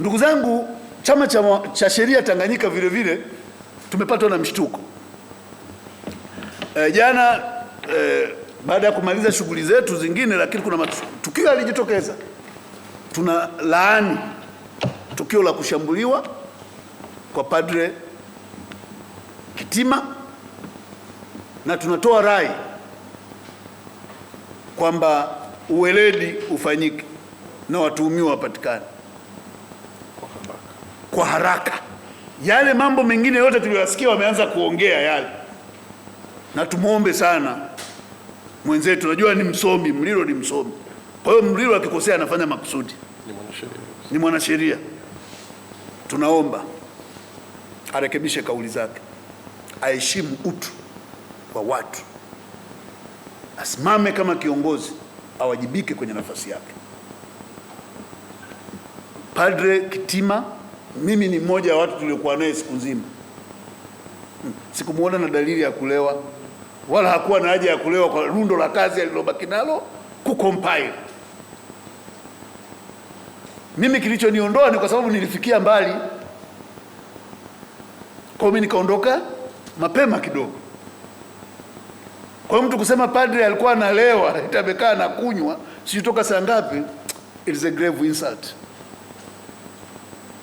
Ndugu zangu, chama cha, cha sheria Tanganyika vile vile tumepatwa na mshtuko e, jana e, baada ya kumaliza shughuli zetu zingine, lakini kuna tukio alijitokeza. Tuna laani tukio la kushambuliwa kwa Padre Kitima na tunatoa rai kwamba uweledi ufanyike na watuhumiwa wapatikane kwa haraka. Yale mambo mengine yote tuliyosikia wameanza kuongea yale, na tumwombe sana mwenzetu, najua ni msomi, Mlilo ni msomi, kwa hiyo Mlilo akikosea anafanya makusudi, ni mwanasheria mwana, tunaomba arekebishe kauli zake, aheshimu utu wa watu, asimame kama kiongozi, awajibike kwenye nafasi yake. Padre Kitima mimi ni mmoja wa watu tuliokuwa naye siku nzima, hmm. sikumwona na dalili ya kulewa, wala hakuwa na haja ya kulewa kwa rundo la kazi alilobaki nalo kucompile. Mimi kilichoniondoa ni kwa sababu nilifikia mbali, kwa mimi nikaondoka mapema kidogo. Kwa mtu kusema padre alikuwa analewa itamekaa na kunywa sijui toka saa ngapi, it is a grave insult.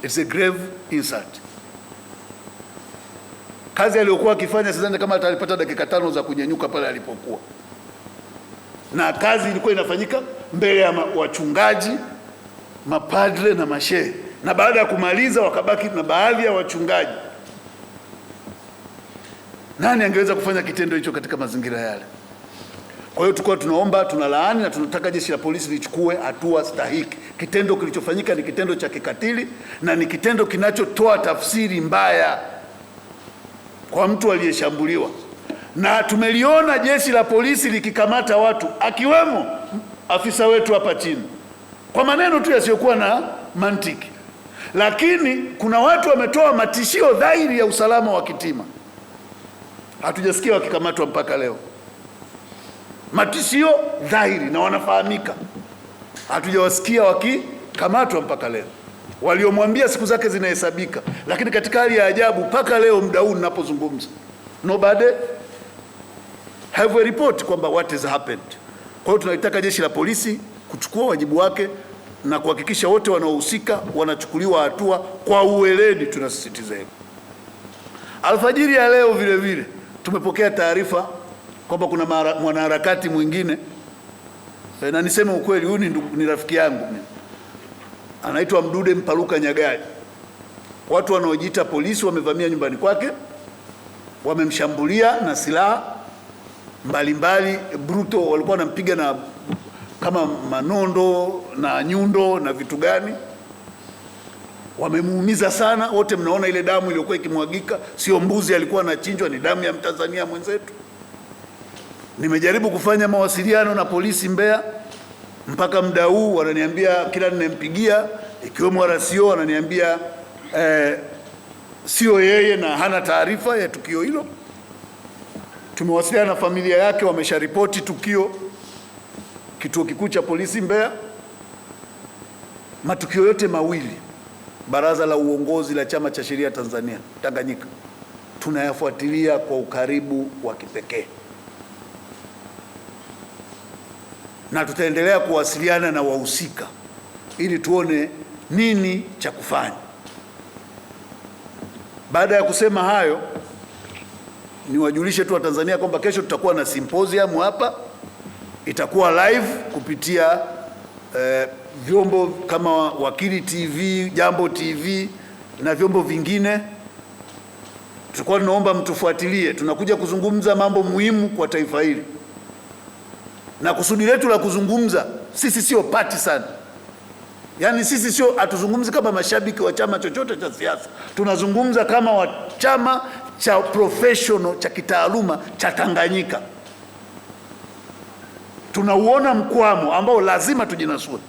It's a grave insult. Kazi aliyokuwa akifanya sidhani kama atalipata dakika tano za kunyanyuka pale alipokuwa, na kazi ilikuwa inafanyika mbele ya wachungaji, mapadre na mashehe, na baada ya kumaliza wakabaki na baadhi ya wachungaji. Nani angeweza kufanya kitendo hicho katika mazingira yale? Kwa hiyo tulikuwa tunaomba, tunalaani na tunataka jeshi la polisi lichukue hatua stahiki. Kitendo kilichofanyika ni kitendo cha kikatili na ni kitendo kinachotoa tafsiri mbaya kwa mtu aliyeshambuliwa, na tumeliona jeshi la polisi likikamata watu akiwemo afisa wetu hapa chini kwa maneno tu yasiyokuwa na mantiki, lakini kuna watu wametoa matishio dhahiri ya usalama wa Kitima, hatujasikia wakikamatwa mpaka leo matishio dhahiri na wanafahamika. Hatujawasikia wakikamatwa mpaka leo, waliomwambia siku zake zinahesabika. Lakini katika hali ya ajabu, mpaka leo muda huu ninapozungumza, nobody have a report kwamba what has happened. Kwa hiyo tunaitaka jeshi la polisi kuchukua wajibu wake na kuhakikisha wote wanaohusika wanachukuliwa hatua kwa uweledi, tunasisitiza hivyo. Alfajiri ya leo vile vile tumepokea taarifa kwamba kuna mwanaharakati mwingine e, na niseme ukweli, huyu ni, rafiki yangu anaitwa Mdude Mpaluka Nyagali. Watu wanaojiita polisi wamevamia nyumbani kwake, wamemshambulia na silaha mbalimbali bruto, walikuwa wanampiga na kama manondo na nyundo na vitu gani, wamemuumiza sana. Wote mnaona ile damu iliyokuwa ikimwagika, sio mbuzi alikuwa anachinjwa, ni damu ya Mtanzania mwenzetu. Nimejaribu kufanya mawasiliano na polisi Mbeya, mpaka muda huu wananiambia, kila ninempigia ikiwemo RCO wananiambia eh, sio yeye na hana taarifa ya tukio hilo. Tumewasiliana na familia yake, wamesharipoti tukio kituo kikuu cha polisi Mbeya. Matukio yote mawili baraza la uongozi la Chama cha Sheria Tanzania Tanganyika tunayafuatilia kwa ukaribu wa kipekee. na tutaendelea kuwasiliana na wahusika ili tuone nini cha kufanya. Baada ya kusema hayo, niwajulishe tu Watanzania kwamba kesho tutakuwa na symposium hapa, itakuwa live kupitia eh, vyombo kama Wakili TV, Jambo TV na vyombo vingine. Tutakuwa tunaomba mtufuatilie, tunakuja kuzungumza mambo muhimu kwa taifa hili na kusudi letu la kuzungumza, sisi sio pati sana, yaani sisi sio, hatuzungumzi kama mashabiki wa chama chochote cha siasa, tunazungumza kama wa chama cha professional cha kitaaluma cha Tanganyika. Tunauona mkwamo ambao lazima tujinasue.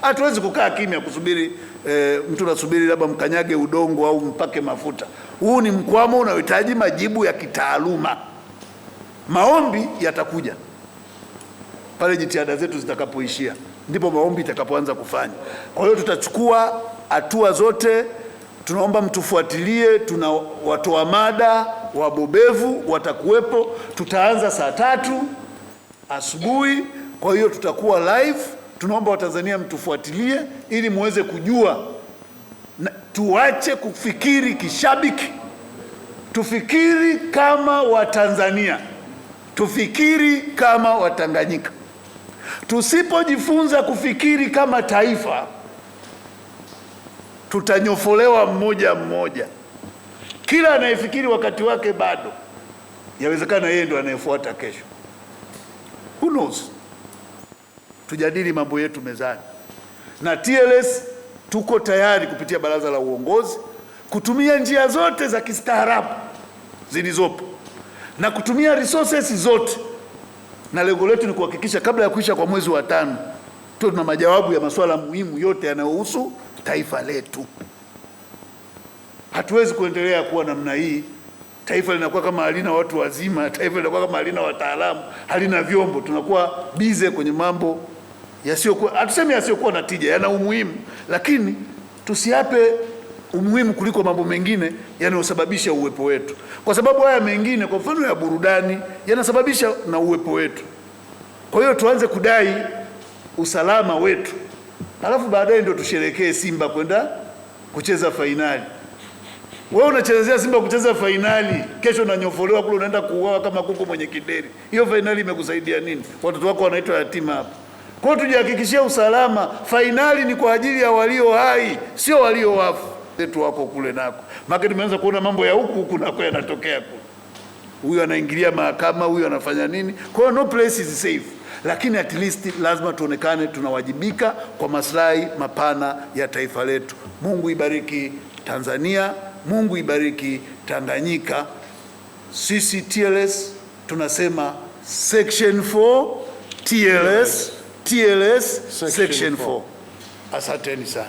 Hatuwezi kukaa kimya kusubiri e, mtu nasubiri labda mkanyage udongo au mpake mafuta. Huu ni mkwamo unaohitaji majibu ya kitaaluma. Maombi yatakuja pale jitihada zetu zitakapoishia ndipo maombi itakapoanza kufanya. Kwa hiyo tutachukua hatua zote, tunaomba mtufuatilie. Tuna watoa mada wabobevu watakuwepo. Tutaanza saa tatu asubuhi, kwa hiyo tutakuwa live. Tunaomba Watanzania mtufuatilie ili muweze kujua na, tuache kufikiri kishabiki, tufikiri kama Watanzania, tufikiri kama Watanganyika. Tusipojifunza kufikiri kama taifa, tutanyofolewa mmoja mmoja. Kila anayefikiri wakati wake bado, yawezekana yeye ndo anayefuata kesho. Who knows? Tujadili mambo yetu mezani, na TLS tuko tayari kupitia baraza la uongozi kutumia njia zote za kistaarabu zilizopo na kutumia resources zote na lengo letu ni kuhakikisha kabla ya kuisha kwa mwezi wa tano tuwe tuna majawabu ya masuala muhimu yote yanayohusu taifa letu. Hatuwezi kuendelea kuwa namna hii. Taifa linakuwa kama halina watu wazima, taifa linakuwa kama halina wataalamu, halina vyombo. Tunakuwa bize kwenye mambo yasiyokuwa, hatusemi yasiyokuwa na tija, yana umuhimu, lakini tusiape umuhimu kuliko mambo mengine yanayosababisha uwepo wetu, kwa sababu haya mengine, kwa mfano ya burudani, yanasababisha na uwepo wetu. Kwa hiyo tuanze kudai usalama wetu, alafu baadaye ndio tusherekee Simba kwenda kucheza fainali. Wewe unachezea Simba kucheza fainali, kesho unanyofolewa kule, unaenda kuuawa kama kuku mwenye kideri. Hiyo fainali imekusaidia nini? Watoto wako wanaitwa yatima hapa. Kwa hiyo tujihakikishie usalama. Fainali ni kwa ajili ya walio hai, sio walio wafu zetu wako kule nako, maana tumeanza kuona mambo ya huku huku nako yanatokea kule, huyu anaingilia mahakama, huyu anafanya nini. Kwa hiyo no place is safe, lakini at least lazima tuonekane tunawajibika kwa maslahi mapana ya taifa letu. Mungu ibariki Tanzania, Mungu ibariki Tanganyika. Sisi TLS tunasema section 4 TLS TLS section 4. Asanteni sana.